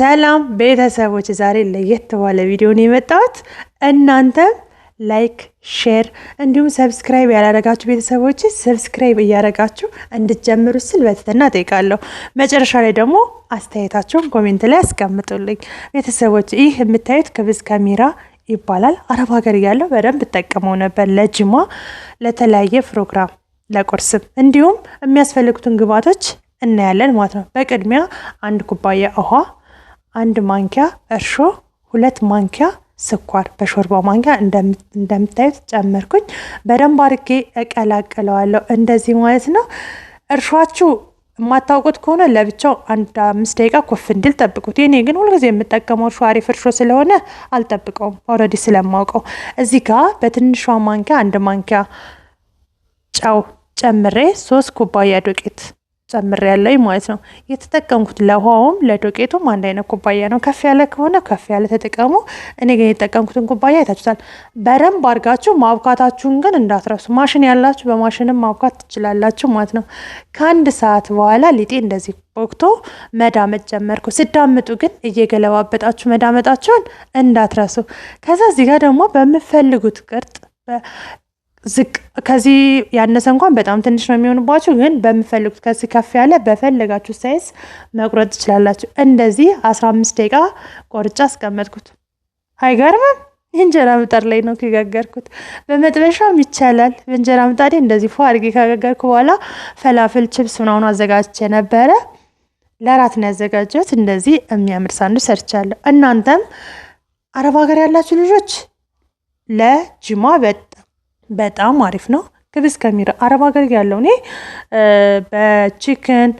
ሰላም ቤተሰቦች፣ ዛሬ ለየት ባለ ቪዲዮ ነው የመጣሁት። እናንተ ላይክ፣ ሼር እንዲሁም ሰብስክራይብ ያላረጋችሁ ቤተሰቦች ሰብስክራይብ እያረጋችሁ እንድትጀምሩ ስል በትህትና እጠይቃለሁ። መጨረሻ ላይ ደግሞ አስተያየታችሁን ኮሜንት ላይ አስቀምጡልኝ ቤተሰቦች። ይህ የምታዩት ክብዝ ካሜራ ይባላል። አረብ ሀገር እያለሁ በደንብ እጠቀመው ነበር፣ ለጅማ ለተለያየ ፕሮግራም፣ ለቁርስም እንዲሁም የሚያስፈልጉትን ግብዓቶች እናያለን ማለት ነው። በቅድሚያ አንድ ኩባያ ውሃ አንድ ማንኪያ እርሾ፣ ሁለት ማንኪያ ስኳር በሾርባ ማንኪያ እንደምታዩት ጨመርኩኝ። በደንብ አድርጌ እቀላቅለዋለሁ። እንደዚህ ማለት ነው። እርሾችሁ የማታውቁት ከሆነ ለብቻው አንድ አምስት ደቂቃ ኮፍ እንዲል ጠብቁት። የኔ ግን ሁልጊዜ የምጠቀመው እርሾ አሪፍ እርሾ ስለሆነ አልጠብቀውም፣ ኦልሬዲ ስለማውቀው። እዚህ ጋ በትንሿ ማንኪያ አንድ ማንኪያ ጨው ጨምሬ ሶስት ኩባያ ዱቄት ያለኝ ማለት ነው። የተጠቀምኩት ለውሃውም ለዶቄቱም አንድ አይነት ኩባያ ነው። ከፍ ያለ ከሆነ ከፍ ያለ ተጠቀሙ። እኔ ግን የተጠቀምኩትን ኩባያ አይታችሁታል። በደንብ አድርጋችሁ ማብካታችሁን ግን እንዳትረሱ። ማሽን ያላችሁ በማሽንም ማብካት ትችላላችሁ ማለት ነው። ከአንድ ሰዓት በኋላ ሊጤ እንደዚህ ወቅቶ መዳመጥ ጀመርኩ። ስዳምጡ ግን እየገለባበጣችሁ መዳመጣችሁን እንዳትረሱ። ከዛ እዚህ ጋር ደግሞ በምፈልጉት ቅርጥ ዝቅ ከዚህ ያነሰ እንኳን በጣም ትንሽ ነው የሚሆንባችሁ። ግን በምፈልጉት ከዚህ ከፍ ያለ በፈለጋችሁ ሳይዝ መቁረጥ ትችላላችሁ። እንደዚህ አምስት ደቂቃ ቆርጫ አስቀመጥኩት። አይገርምም? የእንጀራ ምጣድ ላይ ነው ከጋገርኩት። በመጥበሻም ይቻላል። እንጀራ ምጣዴ እንደዚህ ፎ አድርጌ ከጋገርኩ በኋላ ፈላፍል፣ ችፕስ ምናምን አዘጋጅቼ ነበረ። ለራት ነው ያዘጋጀሁት። እንደዚህ የሚያምር ሳንዱች ሰርቻለሁ። እናንተም አረብ ሀገር ያላችሁ ልጆች ለጅማ በጣም በጣም አሪፍ ነው። ግብስ ከሚራ አረብ ሀገር ያለው እኔ በቺክን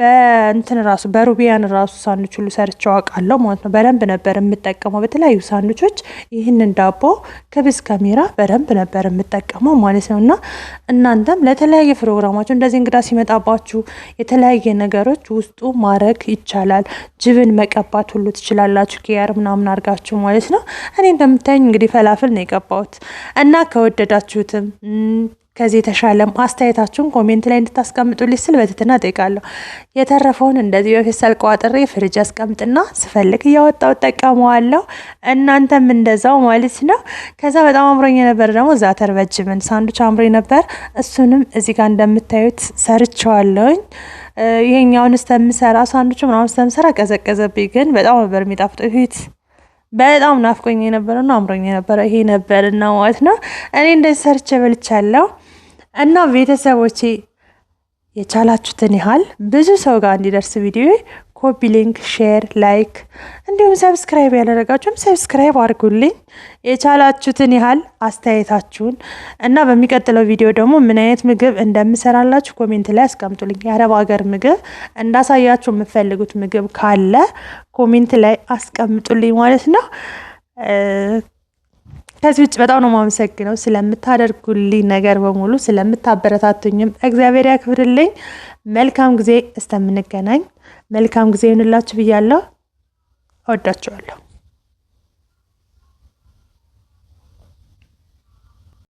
በእንትን ራሱ በሩቢያን ራሱ ሳንዱች ሁሉ ሰርቼው አውቃለሁ ማለት ነው። በደንብ ነበር የምጠቀመው በተለያዩ ሳንዱቾች ይህንን ዳቦ ከብዝ ከሚራ በደንብ ነበር የምጠቀመው ማለት ነው። እና እናንተም ለተለያየ ፕሮግራማችሁ እንደዚህ እንግዳ ሲመጣባችሁ የተለያየ ነገሮች ውስጡ ማድረግ ይቻላል። ጅብን መቀባት ሁሉ ትችላላችሁ። ኪያር ምናምን አድርጋችሁ ማለት ነው። እኔ እንደምታኝ እንግዲህ ፈላፍል ነው የቀባሁት እና ከወደዳችሁትም ከዚህ የተሻለ አስተያየታችሁን ኮሜንት ላይ እንድታስቀምጡልኝ ስል በትህትና እጠይቃለሁ። የተረፈውን እንደዚህ በፌስታል ቋጥሬ ፍርጅ አስቀምጥና ስፈልግ እያወጣው እጠቀመዋለሁ። እናንተም እንደዛው ማለት ነው። ከዛ በጣም አምሮኝ የነበር ደግሞ ዛተር በጅምን ሳንዱች አምሮኝ ነበር። እሱንም እዚህ ጋር እንደምታዩት ሰርቸዋለውኝ። ይሄኛውን ስተምሰራ ሳንዱች ምናምን ስተምሰራ ቀዘቀዘብኝ፣ ግን በጣም ነበር የሚጣፍጠው ፊት በጣም ናፍቆኝ ና አምሮኝ የነበረ ይሄ ነበር እና ማለት ነው። እኔ እንደዚህ ሰርቼ በልቻለሁ እና ቤተሰቦቼ የቻላችሁትን ያህል ብዙ ሰው ጋር እንዲደርስ ቪዲዮ ኮፒ ሊንክ፣ ሼር፣ ላይክ እንዲሁም ሰብስክራይብ ያደረጋችሁም ሰብስክራይብ አድርጉልኝ። የቻላችሁትን ያህል አስተያየታችሁን እና በሚቀጥለው ቪዲዮ ደግሞ ምን አይነት ምግብ እንደምሰራላችሁ ኮሜንት ላይ አስቀምጡልኝ። የአረብ ሀገር ምግብ እንዳሳያችሁ የምትፈልጉት ምግብ ካለ ኮሜንት ላይ አስቀምጡልኝ ማለት ነው። ከዚህ ውጭ በጣም ነው የማመሰግነው ስለምታደርጉልኝ ነገር በሙሉ ስለምታበረታቱኝም፣ እግዚአብሔር ያክብርልኝ። መልካም ጊዜ፣ እስተምንገናኝ። መልካም ጊዜ ይሁንላችሁ ብያለሁ። እወዳችኋለሁ።